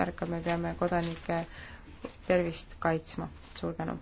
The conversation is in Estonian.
märkame, peame kodanike tervist kaitsma. suur tänu!